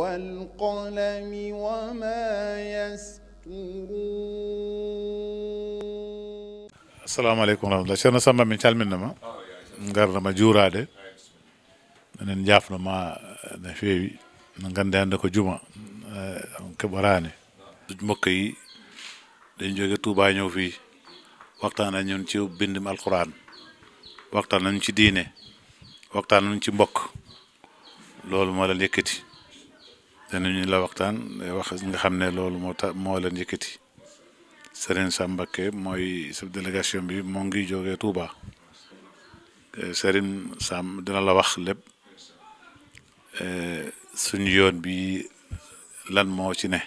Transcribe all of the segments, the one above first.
والقلم وما يسطرون السلام عليكم ورحمة الله شيخنا سامبا من calminama gardama juurade enen jafnoma eh, no feewi no gandi hannde juma eh, keɓorani mokka yi dañ jóge tuubaa ñëw fii waxtaan ak ñun ci bindum alquran waxtaan nañu ci diine waxtaan nañu ci mbokk loolu moo leen yëkkati danañu la waxtaan wax nga xam ne loolu moo tax moo leen yëkkati Serigne Sambakke mooy sub délégation bi moo ngi jógee Touba Serigne Sam dina la wax lépp e, suñu yoon bi lan moo ci ne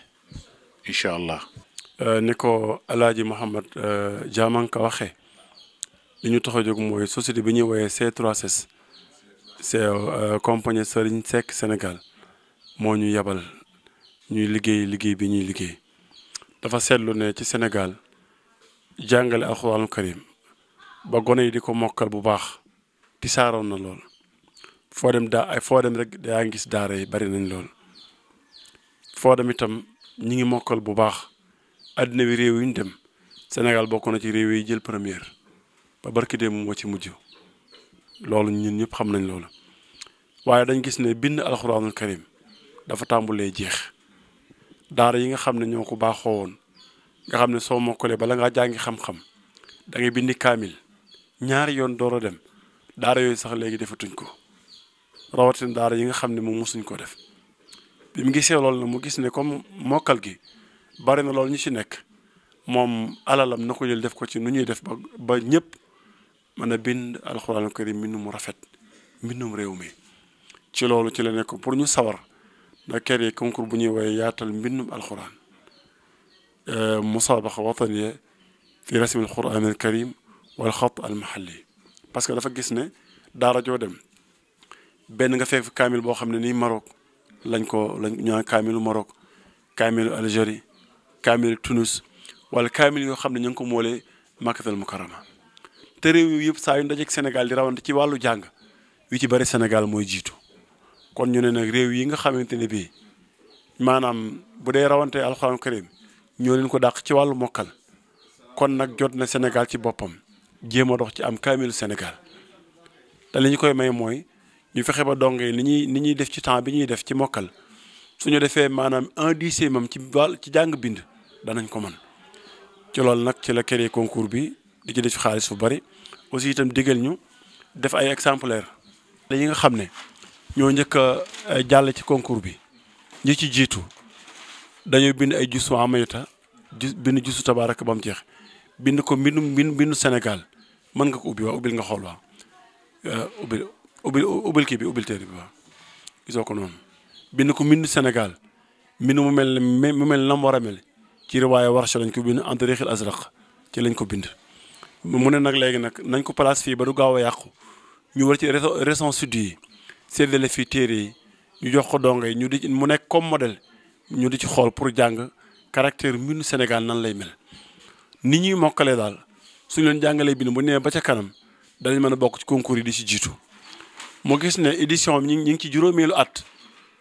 incha allah. E, ni ko El Hadj Mouhamed e, Diamanka waxee li ñu tax a jóg mooy société bi ñuy woowee C3S c'est compagnie Serigne Seck Sénégal. moo ñu yebal ñuy liggéey liggéey bi ñuy liggéey dafa seetlu ne ci Sénégal jàngale alxuraanul karim ba gone yi di ko mokkal bu baax tisaaroon na lool foo dem daa ay foo dem rek daa ngi gis daara yi bari nañ lool foo dem itam ñi ngi mokkal bu baax àddina wi réew yi ñu dem Sénégal bokk na ci réew yi jël première ba barki moo ci mujj loolu ñun ñëpp xam nañ loolu waaye dañ gis ne bind alxuraanul karim dafa tàmbulee jeex daara yi nga xam ne ñoo ko baaxoo woon nga xam ne soo mokkalee bala nga jàngi xam-xam da ngay bindi kaamil ñaari yoon door a dem daara yooyu sax léegi defatuñ ko rawatin daara yi nga xam ne moom mosuñ ko def bi mu gisee loolu na mu gis ne comme mokkal gi bari na loolu ñu ci nekk moom alalam na ko jël def ko ci nu ñuy def ba ba ñëpp mën a bind alxuraanul karim mbindum mu rafet mbindum réew mi ci loolu ci la nekk pour ñu sawar da yi concours bu ñuy woowee yaatal mbindum alxuraan euh, musaabaqa wataniya fi rasmil quran al karim xat al parce que dafa gis ne daara joo dem benn nga kaamil boo xam ne nii Maroc lañ ko lañ ñaan kaamilu Maroc kaamilu Algérie kaamilu Tunis wala kaamil yoo xam ne ñu ngi ko moolee Makkatal Mukarrama te réew yu yëpp saa yu ndajeek Sénégal di rawante ci wàllu jàng yu ci bari Sénégal mooy jiitu kon ñu ne nag réew yi nga xamante ne bii maanaam bu dee rawante alxuraan karim ñoo leen ko dàq ci wàllu mokkal kon nag jot na Sénégal ci boppam jéem a dox ci am kaamilu Sénégal te li koy may mooy ñu fexe ba donge ni ñuy ni ñuy def ci temps bi ñuy def ci mokkal ñu defee maanaam un dixième am ci wàll ci jàng bind danañ ko man ci loolu nag ci la créé concours bi di ci def xaalis fu bari aussi itam digal ñu def ay exemplaires yi nga xam ne. ñoo njëkk a eh, jàll ci concours bi ñi ci jiitu dañoo bind ay jusu amayuta ju bind jusu tabaaraka ba mu jeex bind ko mbindu mbindu Sénégal mën nga ko ubbi nga xool waa eh, ubbil ubbil bi ubbil bi waa gisoo ko noonu bind ko mbindu Sénégal mbind mu mel mu mel nam war a mel ci riwaaya Warsh lañ ko bind antarixil azraq ci lañ ko bind mu ne nag léegi nag nañ ko place fii ba du gaaw a yàqu ñu war ci région sud séddale fii téere yi ñu jox ko dongo yi ñu di mu nekk comme modèle ñu di ci xool pour jàng caractère mbindu Sénégal nan lay mel. ni ñuy mokkalee daal suñu leen jàngalee bind mu nee ba ca kanam danañ mën a bokk ci concours yi di ci jiitu mu gis ne édition bi ñu ngi ci juróomeelu at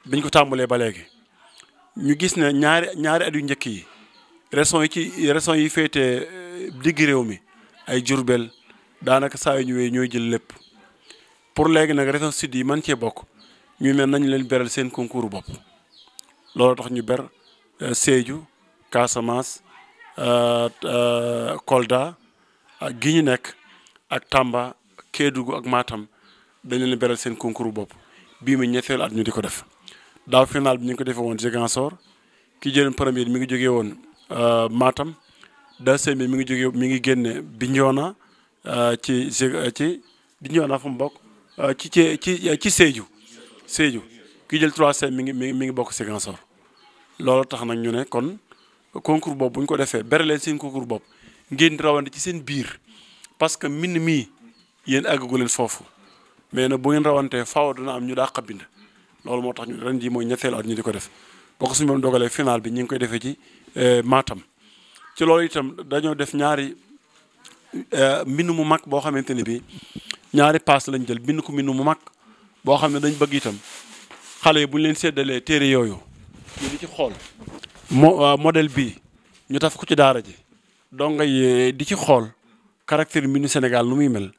biñ ko tàmbalee ba léegi ñu gis ne ñaari ñaari at yu njëkk yi régions yi ci régions yi féetee digg réew mi ay Jurbel daanaka saa yu ñëwee ñooy jël lépp. pour léegi nag région sud yi mën cee bokk ñu mel nañ leen beral seen concours bopp loolu tax ñu ber euh, Sédhiou Casamance euh, euh, Kolda ak gi ñu nekk ak Tamba Kédougou ak maatam dañ beral seen concours bopp bii mu ñetteelu at ñu di ko def daaw final bi ñu ngi ko defee woon Ziguinchor ki jëleen premier mi ngi jógee woon Matam deuxième bi mi ngi jógee mi ngi génne Bignona ci ci Bignona fu mu bokk Euh, ci ci ci euh, ci Sédhiou Sédhiou ki jël 3C mi ngi mi ngi bokk Ziguinchor loolu tax nag ñu ne kon concours boobu bu ñu ko defee bere leen seen concours boobu ngeen rawante ci seen biir parce que mbind mii yéen àggagu leen foofu mais nag bu ngeen rawantee faaw dana am ñu dàq a bind loolu moo tax ñu ren jii mooy ñetteelu at ñu di ko def boo ko moom dogalee final bi ñu ngi koy defee ci euh, Matam ci loolu itam dañoo def ñaari mbind mu mag boo xamante ni bi ñaari paas lañ jël bind ko mbindu mu mag boo xam ne dañ bëgg itam xale yi bu ñu leen seddalee téere yooyu ñu di ci xool mo modèle bii ñu taf ko ci daara ji donc ngay eh, di ci xool caractère mbindu senegal lu muy mel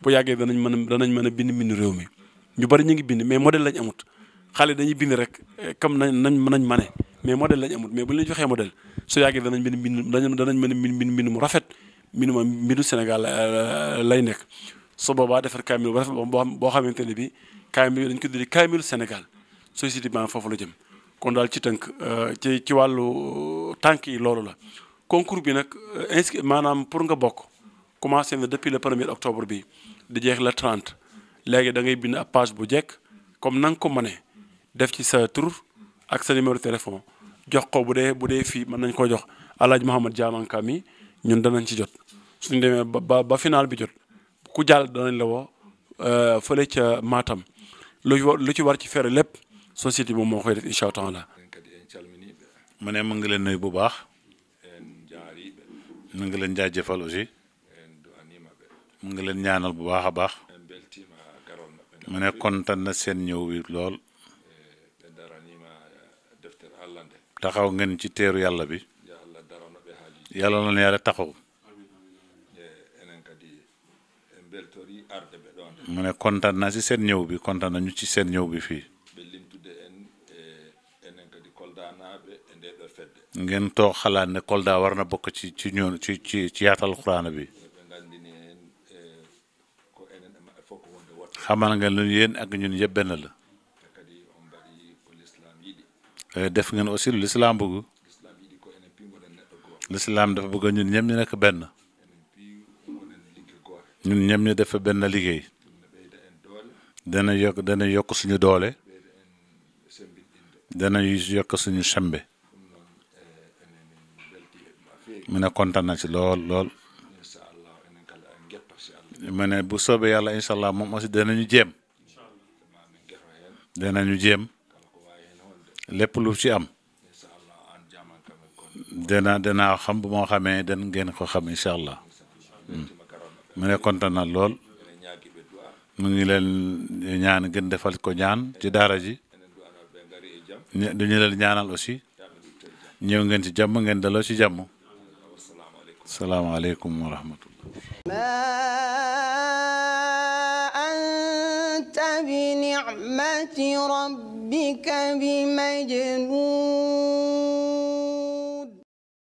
bu yàggee danañ mën a danañ mën a bind mbindu réew mi ñu bari ñu ngi bind mais model lañ amut xale dañuy bind rek eh, comme nañ nañ nañ mane mais modèle lañ amut mais bu ñu leen joxee modèle su yàggee danañ mën a bind danañ mën a bind mbind mu rafet mbindu ma mbindu Sénégal eh, lay nekk su boobaa defar kaamil ba boo xamante ne bi kaamil dañ ko tudde kaamil Sénégal société bi foofu la jëm kon daal ci tënk euh, ci ci wàllu euh, tànk yi loolu la concours bi nag euh, maanaam pour nga bokk commencé na depuis le premier octobre bi di jeex la 30 léegi da ngay bind ab page bu jekk comme na ko mënee def ci sa tur ak sa numéro téléphone jox ko bu dee bu dee fii mën nañ koo jox El Hadj Mouhamed Diamanka mi ñun danañ ci jot suñ demee ba ba finaal bi jot ku jàll danañ la woo euh, fële ca Matam lu lu ci war ci fere lépp société moom moo koy def incha allah. ma ne ma ngi leen nuyu bu baax ma ngi leen jaajëfal aussi ma ngi leen ñaanal bu baax a baax ma ne kontaan na seen ñëw wi lool taxaw ngeen ci teeru yàlla bi yàlla na leen yàlla taxaw. mu ne kontaan na si seen ñëw bi kontaan nañu ci seen ñëw bi fii eh, ngeen toog xalaat ne Kolda war na bokk ci ci ñoon ci ci ci yaatal xuraan bi eh, xamal nga lu yéen ak ñun yëpp benn la eh, def ngeen aussi lu lislaam bëgg lislaam dafa bëgg ñun ñëpp ñu nekk benn ñun ñem ñu def benn liggéey dana yokk dana yokk suñu doole dana yokk suñu sembe mu ne kontaan na ci lool lool mu ne bu soobee yàlla incha allah moom aussi danañu jéem ñu jéem lépp lu ci am dana dana xam bu moo xamee dan ngeen ko xam incha allah. Hmm. mu ne kontaan na lool mu ngi leen ñaan gën defal ko ñaan ci daara ji dañu leen ñaanal aussi ñëw ngeen ci jàmm ngeen daloo ci jàmm salaamaaleykum wa rahmatullah ma anta bi ni'mati rabbika bi majnun